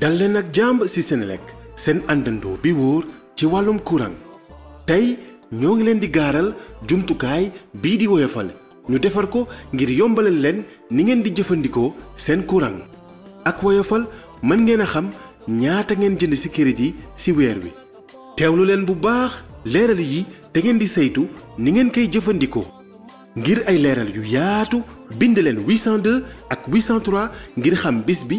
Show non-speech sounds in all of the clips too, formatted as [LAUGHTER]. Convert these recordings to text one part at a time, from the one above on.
dalen ak jamb si senelek sen andando bi wor ci walum courant tay ñoo ngi len di jumtu kay bi di woyofal ñu defar ko ngir yombal len ni ngeen di jëfëndiko sen courant ak woyofal man ngeen xam ñaata ngeen jënd si crédit ci wër weer wi teewlu bu baax leral yi te ngeen di seytu ni ngeen kay jëfëndiko ngir ay leral yu yaatu bind len 802 ak 803 ngir xam bis bi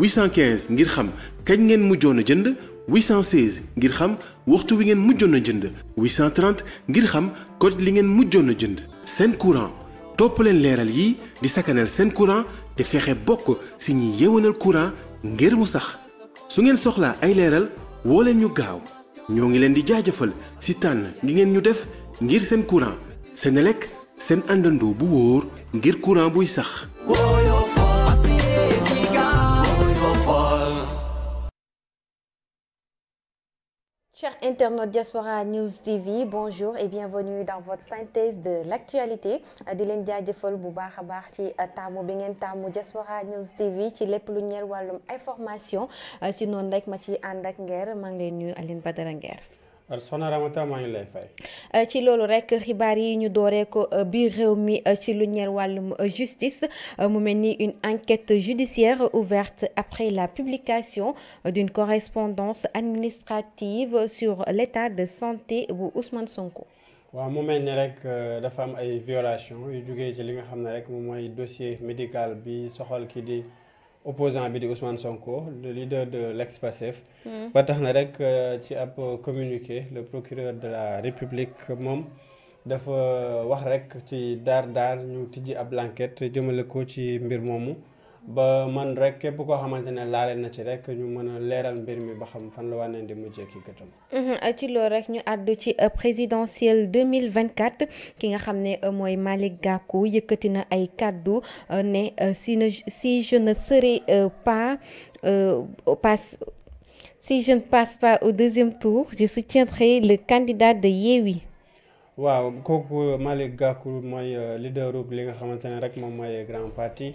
815 ngir xam kañ ngeen mujjoon a jënd 816 ngir xam waxtu wi ngeen mujjoon a jënd 830 ngir xam code li ngeen mujjoon a jënd seen courant topp leen leeral yi di sakanal seen courant te fexe bokk si ñi yeewanal courant ngir mu sax su ngeen soxlaa ay leeral woo leen ñu gaaw ñoo ngi leen di jaajëfal si tànn gi ngeen ñu def ngir seen courant seen lekk seen àndandoo bu wóor ngir courant buy sax Chers internautes Diaspora News TV bonjour et bienvenue dans votre synthèse de l'actualité. actualité di leen jaajëfal bu baax a baax ci euh, Diaspora News TV ci est lu plus important information euh, si noonu rek ma ci ànd ak Nguer Aline Badara Soxna Ramata maa ngi lay fay. Euh, ci loolu rek xibaar yi ñu dooree ko euh, biir réew mi euh, ci lu ñeel wàllum justice mu mel ni une enquête judiciaire ouverte après la publication d'une correspondance administrative sur l'état de santé bu Ousmane Sonko. waaw mu mel ni rek dafa am ay violations yu jugee ci li nga xam ne rek moom mooy dossier médical bi soxal kii di opposant à di Ousmane Sonko le leader de l'ex-Pastef hmm. ba tax na rek euh, ci communiqué le procureur de la République mom dafa euh, wax rek ci dar dar ñu tijji ab l'enquête jëmele ko ci mbir moomu ba man rek képp koo xamante ne laale na ci rek ñu mën a leeral mbir mi ba xam fan la wànneen di mujjee ki gëtam mm-hmm. ci loolu rek ñu àddu ci euh, présidentiel 2024 ki nga xam ne euh, mooy Malick Gakou yëkkati na ay kaddu euh, ne si ne si je ne serai pas pas si je ne passe pas au deuxième tour je soutiendrai le candidat de Yewi. waaw kooku Malick Gakou mooy leaderu li nga xamante ne rek moom mooy grand parti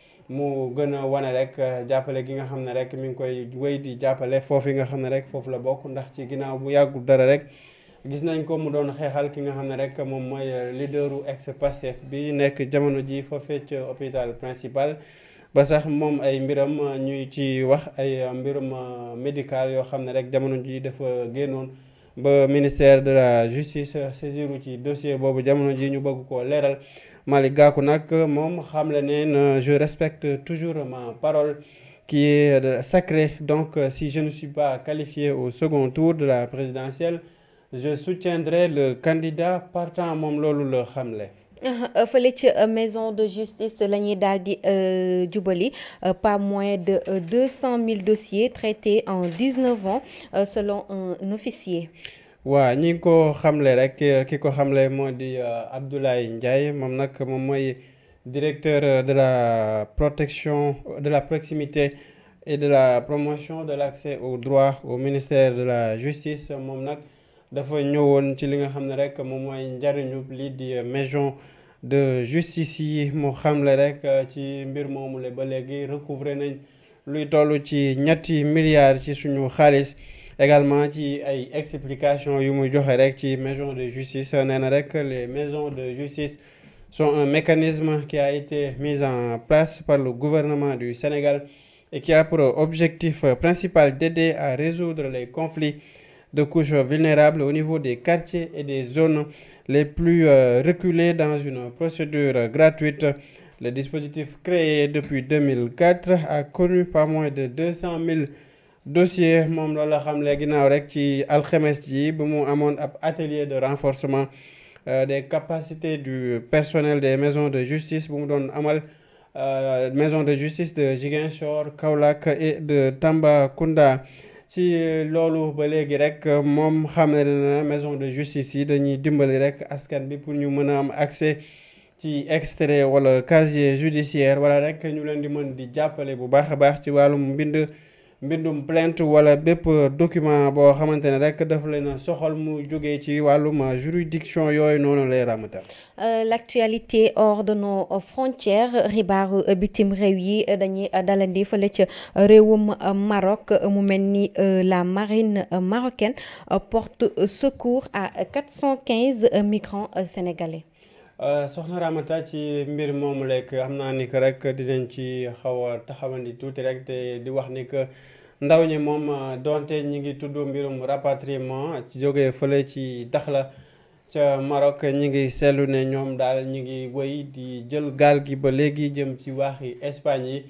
mu gën a wane rek euh, jàppale gi nga xam ne rek mu ngi koy way di jàppale foofu yi nga xam ne rek foofu la bokk ndax ci ginnaaw bu yàggul dara rek gis nañ ko mu doon xeexal ki nga xam ne rek moom mooy euh, leaderu ex Pastef bi nekk jamono ji foofee fecc hôpital principal. ba sax moom ay mbiram euh, ñuy ci wax ay mbirum médical yoo xam ne rek jamono ji dafa génnoon ba ministère de la justice saisiru ci dossier boobu jamono ji ñu bëgg koo leeral. je respecte toujours ma parole qui est euh, sacrée donc euh, si je ne suis pas qualifié au second tour de la présidentielle je soutiendrai le candidat partant à mon le xamle. [LAUGHS] Euh, maison de justice l'année d'Aldi Djouboli, pas moins de 200 000 dossiers traités en 19 ans selon un officier wa ñi ko xamle rek ki ko xamle moo di euh, Abdoulaye Ndiaye moom nag moom directeur euh, de la protection de la proximité et de la promotion de l'accès au droit au ministère de la justice moom nag dafa ñëwoon ci li nga xam rek moom mooy njariñu di maison de justice yi mu xamle rek euh, ci mbir moomu la ba léegi recouvrer nañ luy toll ci milliards ci suñu également ci ay explication yu mu joxe maison de justice les maisons de justice sont un mécanisme qui a été mis en place par le gouvernement du Sénégal et qui a pour objectif principal d'aider à résoudre les conflits de couches vulnérables au niveau des quartiers et des zones les plus euh, reculées dans une procédure gratuite. Le dispositif créé depuis 2004 a connu pas moins de 200 000 dossier mom la xam legui naw rek ci alxemes ji bu mu amone ab atelier de renforcement euh, des capacités du personnel des maisons de justice bu mu doon amal euh, maison de justice de Ziguinchor Kaolack et de Tambacounda ci euh, lolu ba legui rek mom xam na maison de justice yi dañuy dimbali rek askan bi pour ñu mëna am accès ci extrait wala casier judiciaire wala rek ñu leen di mën di jappalé bu baax baax ci walum mbind mbindum plainte wala bépp document boo xamante ne rek daf leen a soxal mu jógee ci wàllum juridiction yooyu noonu lay ramatal. Euh, l'actualité hors de nos frontières xibaaru bitim réew yi dañuy dalandi fële ca réewum Maroc mu mel ni euh, la marine marocaine porte secours à 415 migrants sénégalais. Euh, soxna Ramata ci mbir moomu lekk am naa ni que rek dinañ ci xaw a taxawandi tuuti rek te di wax ni que ndaw ñi moom euh, donte ñi ngi tudd mbirum rapatriement ci jóge fële ci la ca Maroc ñi ngi seetlu ne ñoom daal ñi ngi wéy di jël gaal gi ba léegi jëm ci waaxi Espagne yi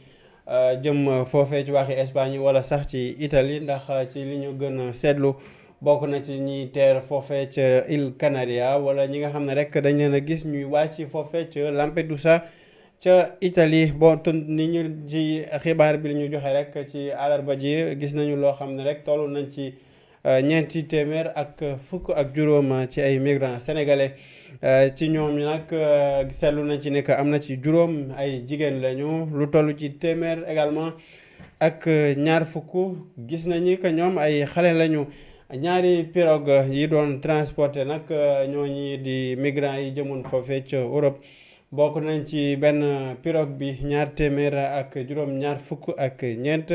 euh, jëm foofee ci waaxi Espagne yi wala sax ci Italie ndax ci li ñu gën a seetlu. bokk na ci ñi teer foofe ca île Canaria wala ñi nga xam ne rek dañ leen a gis ñuy wàcc foofe ca Lampedusa ca itali bon tund ni ñu ci xibaar bi la ñu joxe rek ci àllarba ji gis nañu loo xam ne rek toll nañ ci euh, ñeenti téeméer ak fukk ak juróom ci ay migrants sénégalais euh, ci ñoom ñu nag euh, seetlu nañ ci nekk am na ci juróom ay jigéen lañu lu toll ci téeméer également ak ñaar fukk gis nañu que ñoom ay xale lañu. ñaari pirogue yi doon transporter nag euh, ñi di migrants yi jëmoon foofee ca Europe bokk nañ ci benn pirogue bi ñaar téeméer ak juróom ñaar fukk ak ñeent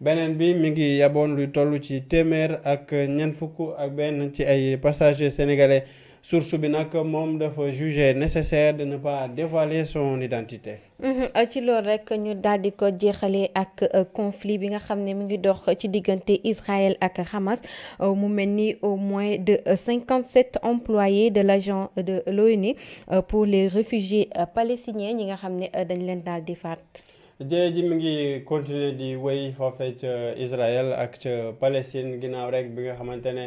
beneen bi mi ngi yaboon lu toll ci téeméer ak ñeent fukk ak benn ci ay passagers sénégalais. source bi nag membres dafa jugé nécessaire de ne pas dévoiler son identité. Mm-hmm. ci loolu rek ñu daal di ko jeexalee ak euh, conflit bi nga xam ne mu ngi dox ci diggante Israël ak Hamas euh, mu mel ni au moins de 57 euh, employés de l'agent de l'ONU pour les réfugiés palestiniens ñi nga xam ne dañ leen daal di faat. jëye ji continuer di wéy foofee ca Israël ak ca Palestine ginnaaw rek bi nga xamante ne.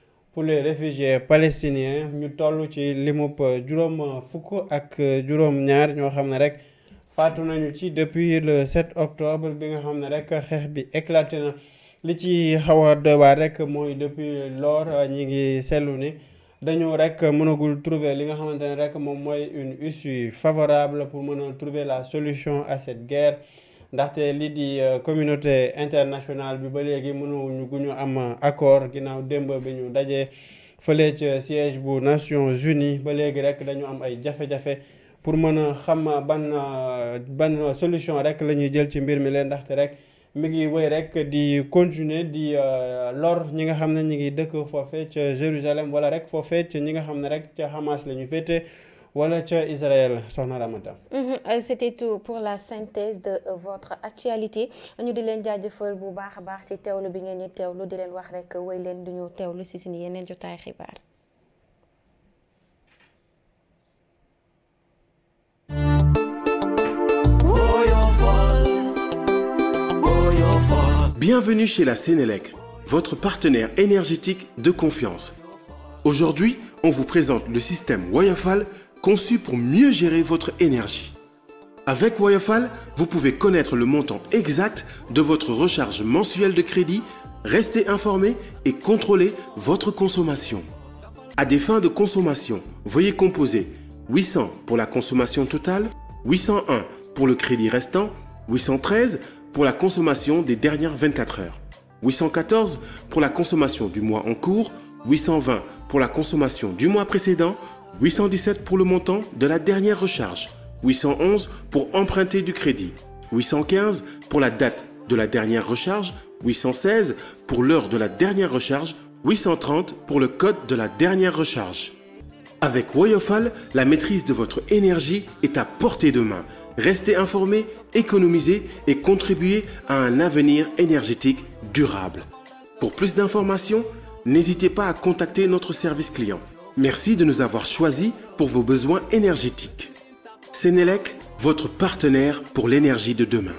pour les réfugiés palestiniens ñu toll ci limub juróom fukk ak juróom ñaar ñoo xam rek faatu nañu ci depuis le 7 octobre bi nga xam ne rek xeex bi éclaté na li ci xaw a rek depuis lors ñi ngi seetlu dañu rek mënagul trouver li nga xamante rek mom moy une issue favorable pour mëna trouver la solution à cette guerre ndaxte lii di euh, communauté internationale bi ba léegi mënuñu gu ñu am euh, accord ginnaaw démb bi ñu dajee fële ca siège bu Nations Unies ba léegi rek dañu am ay jafe-jafe pour mën a xam ban euh, ban solution rek la ñuy jël ci mbir mi leen ndaxte rek mi ngi wéy rek di continuer di lor ñi nga xam ne ñi ngi dëkk foofe ca Jérusalem wala rek foofe ca ñi nga xam ne rek ca Hamas la ñu féete wala Israël Sahna Ramata. Mhm, euh, c'était tout pour la synthèse de euh, votre actualité ñu di leen jaajëfal bu baax a baax ci teewlu bi ngeen ñu teewlu di leen wax rek wéy leen du ñu teewlu si suñu yeneen jotaay xibaar. Bienvenue chez la Sénélec, votre partenaire énergétique de confiance. Aujourd'hui, on vous présente le système Woyofal conçu pour mieux gérer votre énergie. Avec Wirefall, vous pouvez connaître le montant exact de votre recharge mensuelle de crédit, rester informé et contrôler votre consommation. À des fins de consommation, veuillez composer 800 pour la consommation totale, 801 pour le crédit restant, 813 pour la consommation des dernières 24 heures, 814 pour la consommation du mois en cours, 820 pour la consommation du mois précédent, 817 pour le montant de la dernière recharge, 811 pour emprunter du crédit, 815 pour la date de la dernière recharge, 816 pour l'heure de la dernière recharge, 830 pour le code de la dernière recharge. Avec Wayofal, la maîtrise de votre énergie est à portée de main. Restez informé, économisez et contribuez à un avenir énergétique durable. Pour plus d'informations, n'hésitez pas à contacter notre service client. Merci de nous avoir choisis pour vos besoins énergétiques. Sénélec, votre partenaire pour l'énergie de demain.